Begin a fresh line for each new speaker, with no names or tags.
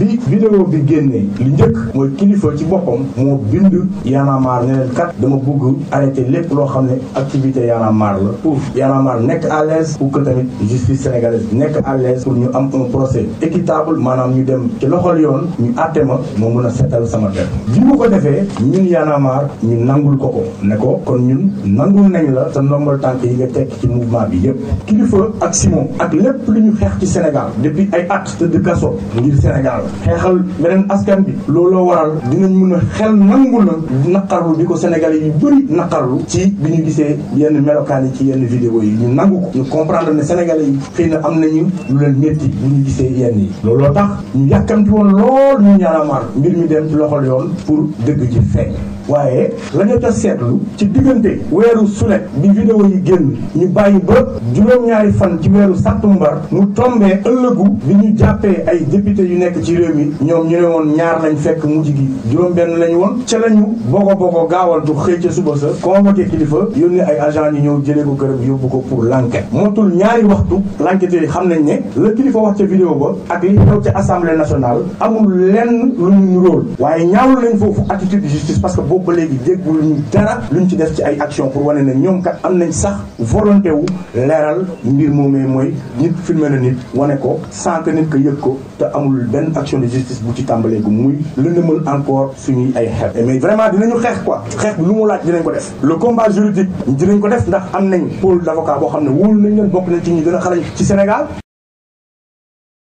bi vidéo bi génnee li njëkk mooy kilifa ci boppam moo bind Y'en a kat dama bëgg arrêté lépp loo xam ne activité Y'en la pour Y'en nekk à l'aise pour que tamit justice sénégalaise nekk à l'aise pour ñu am un procès équitable maanaam ñu dem ci loxol yoon ñu àtte ma moo mën a seetal sama der bi ko defee ñun Y'en ñu nangul ko ko ne ko kon ñun nangul nañ la sa ndombal tànk yi nga tekk ci mouvement bi yépp kilifa ak Simon ak lépp lu ñu xeex ci Sénégal depuis ay at tëdd kaso Sénégal waral xeexal beneen askan bi looloo waral dinañ mën a xel nangu la naqarlu bi ko Sénégalais yu bëri naqarlu ci bi ñu gisee yenn melokaan yi ci yenn vidéo yi ñu nangu ko ñu comprendre ne Sénégalais yi xëy na am nañu lu leen métti bu ñu gisee yenn yi looloo tax ñu yàkkamti woon lool ñu ñaanamaar mbir mi dem ci loxol yoon pour dëgg ci fekk waaye la ñu ca seetlu ci diggante weeru sulet bi vidéo yi génn ñu bàyyi ba juróom-ñaari fan ci weeru sàttumbar mu tombee ëllëgu bi ñu jàppee ay député yu nekk ci réew mi ñoom ñu ne woon ñaar lañ fekk mujj gi juróom-benn lañ woon ca lañu boko boko gaawantu xëy ca suba sa convoqué kilifa yónni ay agent yi ñëw jëlee ko këram yóbbu ko pour l'enquête mootul ñaari waxtu l'enquête yi xam nañ ne la kilifa wax ca vidéo ba ak li xew ca assemblée nationale amul lenn lu ñu nuróol waaye ñaawlu lañ foofu que ba léegi déggul ñu dara luñ ci def ci ay action pour wane na ñoom kat am nañ sax volonté wu leeral mbir moomee mooy nit filmé na nit wane ko sans que nit ko yëg ko te amul benn action de justice bu ci tàmbaleegu muy lëndëmal encore suñuy ay xel mais vraiment dinañu xeex quoi xeex bi lu mu laaj dinañ ko def le combat juridique dinañ ko def ndax am nañ pôle d'avocat boo xam ne wóolu nañ leen bokk nañ ci ñu dana a ci Sénégal